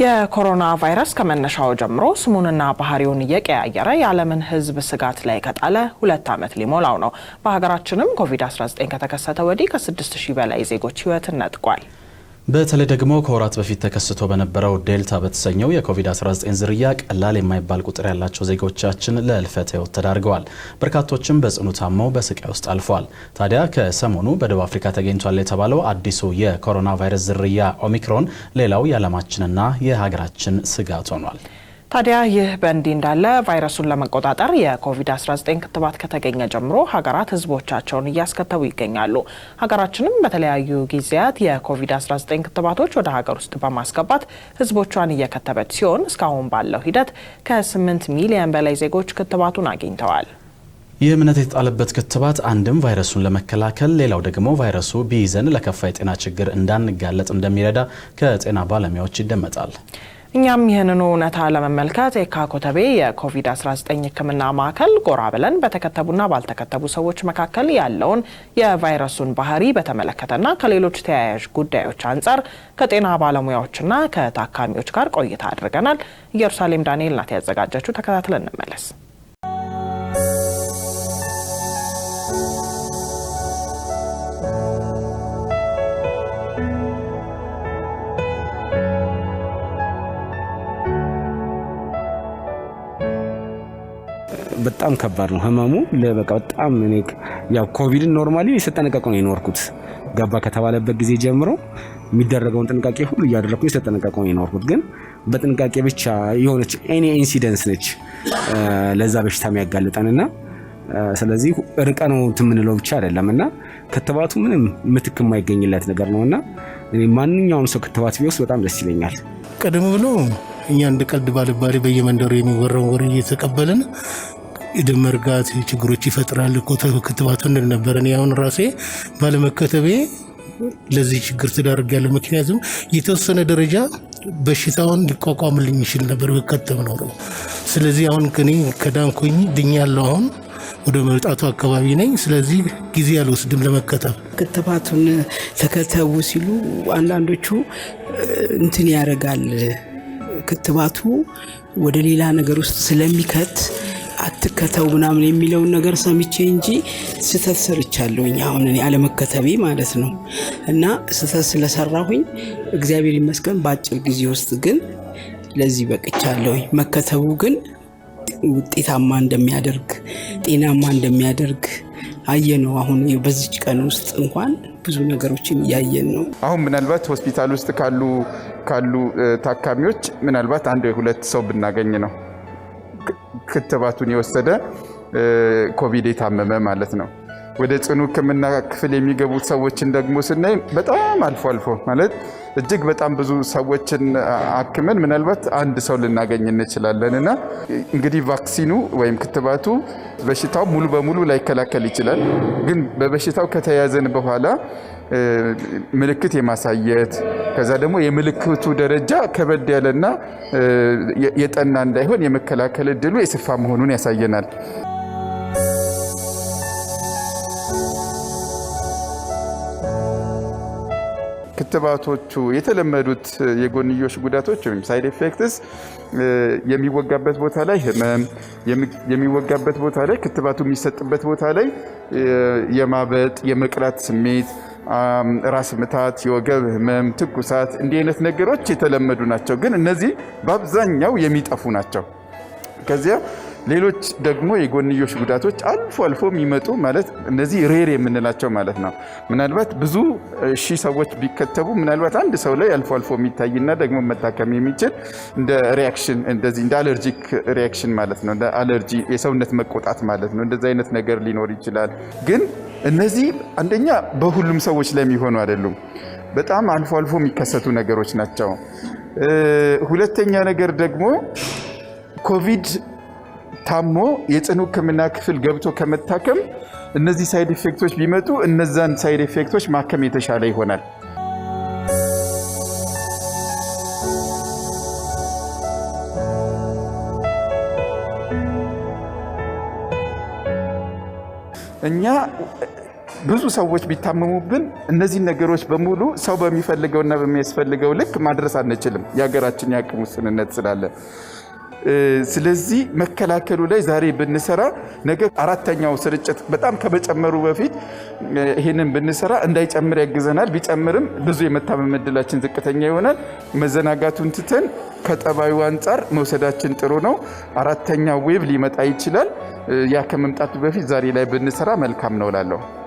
የኮሮና ቫይረስ ከመነሻው ጀምሮ ስሙንና ባህሪውን እየቀያየረ የዓለምን ሕዝብ ስጋት ላይ ከጣለ ሁለት ዓመት ሊሞላው ነው። በሀገራችንም ኮቪድ-19 ከተከሰተ ወዲህ ከ6000 በላይ ዜጎች ሕይወትን ነጥቋል። በተለይ ደግሞ ከወራት በፊት ተከስቶ በነበረው ዴልታ በተሰኘው የኮቪድ-19 ዝርያ ቀላል የማይባል ቁጥር ያላቸው ዜጎቻችን ለእልፈት ሕይወት ተዳርገዋል። በርካቶችም በጽኑ ታመው በስቃይ ውስጥ አልፈዋል። ታዲያ ከሰሞኑ በደቡብ አፍሪካ ተገኝቷል የተባለው አዲሱ የኮሮና ቫይረስ ዝርያ ኦሚክሮን ሌላው የዓለማችንና የሀገራችን ስጋት ሆኗል። ታዲያ ይህ በእንዲህ እንዳለ ቫይረሱን ለመቆጣጠር የኮቪድ-19 ክትባት ከተገኘ ጀምሮ ሀገራት ህዝቦቻቸውን እያስከተቡ ይገኛሉ። ሀገራችንም በተለያዩ ጊዜያት የኮቪድ-19 ክትባቶች ወደ ሀገር ውስጥ በማስገባት ህዝቦቿን እየከተበች ሲሆን እስካሁን ባለው ሂደት ከ8 ሚሊዮን በላይ ዜጎች ክትባቱን አግኝተዋል። ይህ እምነት የተጣለበት ክትባት አንድም ቫይረሱን ለመከላከል ሌላው ደግሞ ቫይረሱ ቢይዘን ለከፋ የጤና ችግር እንዳንጋለጥ እንደሚረዳ ከጤና ባለሙያዎች ይደመጣል። እኛም ይህንኑ እውነታ ለመመልከት ኤካ ኮተቤ የኮቪድ-19 ሕክምና ማዕከል ጎራ ብለን በተከተቡና ባልተከተቡ ሰዎች መካከል ያለውን የቫይረሱን ባህሪ በተመለከተና ከሌሎች ተያያዥ ጉዳዮች አንጻር ከጤና ባለሙያዎችና ከታካሚዎች ጋር ቆይታ አድርገናል። ኢየሩሳሌም ዳንኤል ናት ያዘጋጀችው። ተከታትለን እንመለስ። በጣም ከባድ ነው ህመሙ። በቃ በጣም እኔ ያው ኮቪድን ኖርማሊ ስጠነቀቁ ነው የኖርኩት። ገባ ከተባለበት ጊዜ ጀምሮ የሚደረገውን ጥንቃቄ ሁሉ እያደረግኩ ስጠነቀቁ ነው የኖርኩት። ግን በጥንቃቄ ብቻ የሆነች ኤኒ ኢንሲደንስ ነች ለዛ በሽታ የሚያጋልጠን እና ስለዚህ ርቀ ነው የምንለው ብቻ አይደለም እና ክትባቱ ምንም ምትክ የማይገኝለት ነገር ነው እና ማንኛውም ሰው ክትባት ቢወስድ በጣም ደስ ይለኛል። ቀደም ብሎ እኛ እንደ ቀልድ ባልባሌ በየመንደሩ የሚወራውን ወሬ እየተቀበልን የደም መርጋት ችግሮች ይፈጥራል እኮ ክትባቱ እንል ነበረ። እኔ አሁን ራሴ ባለመከተቤ ለዚህ ችግር ያለ ምክንያቱም የተወሰነ ደረጃ በሽታውን ሊቋቋምልኝ ይችል ነበር በከተብ ኖሮ። ስለዚህ አሁን እኔ ከዳንኩኝ ድኛለሁ። አሁን ወደ መውጣቱ አካባቢ ነኝ። ስለዚህ ጊዜ አልወስድም ለመከተብ። ክትባቱን ተከተቡ ሲሉ አንዳንዶቹ እንትን ያደርጋል ክትባቱ ወደ ሌላ ነገር ውስጥ ስለሚከት አትከተው ምናምን የሚለውን ነገር ሰምቼ እንጂ ስህተት ሰርቻለሁኝ። አሁን እኔ አለመከተቤ ማለት ነው። እና ስህተት ስለሰራሁኝ እግዚአብሔር ይመስገን በአጭር ጊዜ ውስጥ ግን ለዚህ በቅቻለሁኝ። መከተቡ ግን ውጤታማ እንደሚያደርግ ጤናማ እንደሚያደርግ አየ ነው። አሁን በዚች ቀን ውስጥ እንኳን ብዙ ነገሮችን እያየን ነው። አሁን ምናልባት ሆስፒታል ውስጥ ካሉ ካሉ ታካሚዎች ምናልባት አንድ ወይ ሁለት ሰው ብናገኝ ነው ክትባቱን የወሰደ ኮቪድ የታመመ ማለት ነው። ወደ ጽኑ ሕክምና ክፍል የሚገቡት ሰዎችን ደግሞ ስናይ በጣም አልፎ አልፎ ማለት እጅግ በጣም ብዙ ሰዎችን አክመን ምናልባት አንድ ሰው ልናገኝ እንችላለን። እና እንግዲህ ቫክሲኑ ወይም ክትባቱ በሽታው ሙሉ በሙሉ ላይከላከል ይችላል። ግን በበሽታው ከተያዘን በኋላ ምልክት የማሳየት ከዛ ደግሞ የምልክቱ ደረጃ ከበድ ያለና የጠና እንዳይሆን የመከላከል እድሉ የስፋ መሆኑን ያሳየናል። ክትባቶቹ የተለመዱት የጎንዮሽ ጉዳቶች ወይም ሳይድ ኤፌክትስ የሚወጋበት ቦታ ላይ ህመም፣ የሚወጋበት ቦታ ላይ ክትባቱ የሚሰጥበት ቦታ ላይ የማበጥ የመቅላት ስሜት፣ ራስ ምታት፣ የወገብ ህመም፣ ትኩሳት እንዲህ አይነት ነገሮች የተለመዱ ናቸው። ግን እነዚህ በአብዛኛው የሚጠፉ ናቸው። ከዚያ ሌሎች ደግሞ የጎንዮሽ ጉዳቶች አልፎ አልፎ የሚመጡ ማለት እነዚህ ሬር የምንላቸው ማለት ነው። ምናልባት ብዙ ሺህ ሰዎች ቢከተቡ ምናልባት አንድ ሰው ላይ አልፎ አልፎ የሚታይና ደግሞ መታከም የሚችል እንደ ሪያክሽን እንደዚህ እንደ አለርጂክ ሪያክሽን ማለት ነው። እንደ አለርጂ የሰውነት መቆጣት ማለት ነው። እንደዚህ አይነት ነገር ሊኖር ይችላል። ግን እነዚህ አንደኛ በሁሉም ሰዎች ላይ የሚሆኑ አይደሉም። በጣም አልፎ አልፎ የሚከሰቱ ነገሮች ናቸው። ሁለተኛ ነገር ደግሞ ኮቪድ ታሞ የጽኑ ህክምና ክፍል ገብቶ ከመታከም እነዚህ ሳይድ ኤፌክቶች ቢመጡ እነዛን ሳይድ ኤፌክቶች ማከም የተሻለ ይሆናል። እኛ ብዙ ሰዎች ቢታመሙብን እነዚህን ነገሮች በሙሉ ሰው በሚፈልገውና በሚያስፈልገው ልክ ማድረስ አንችልም። የሀገራችን የአቅም ውስንነት ስላለ ስለዚህ መከላከሉ ላይ ዛሬ ብንሰራ ነገ አራተኛው ስርጭት በጣም ከመጨመሩ በፊት ይህንን ብንሰራ እንዳይጨምር ያግዘናል። ቢጨምርም ብዙ የመታመም እድላችን ዝቅተኛ ይሆናል። መዘናጋቱን ትተን ከጠባዩ አንጻር መውሰዳችን ጥሩ ነው። አራተኛው ዌብ ሊመጣ ይችላል። ያ ከመምጣቱ በፊት ዛሬ ላይ ብንሰራ መልካም ነው እላለሁ።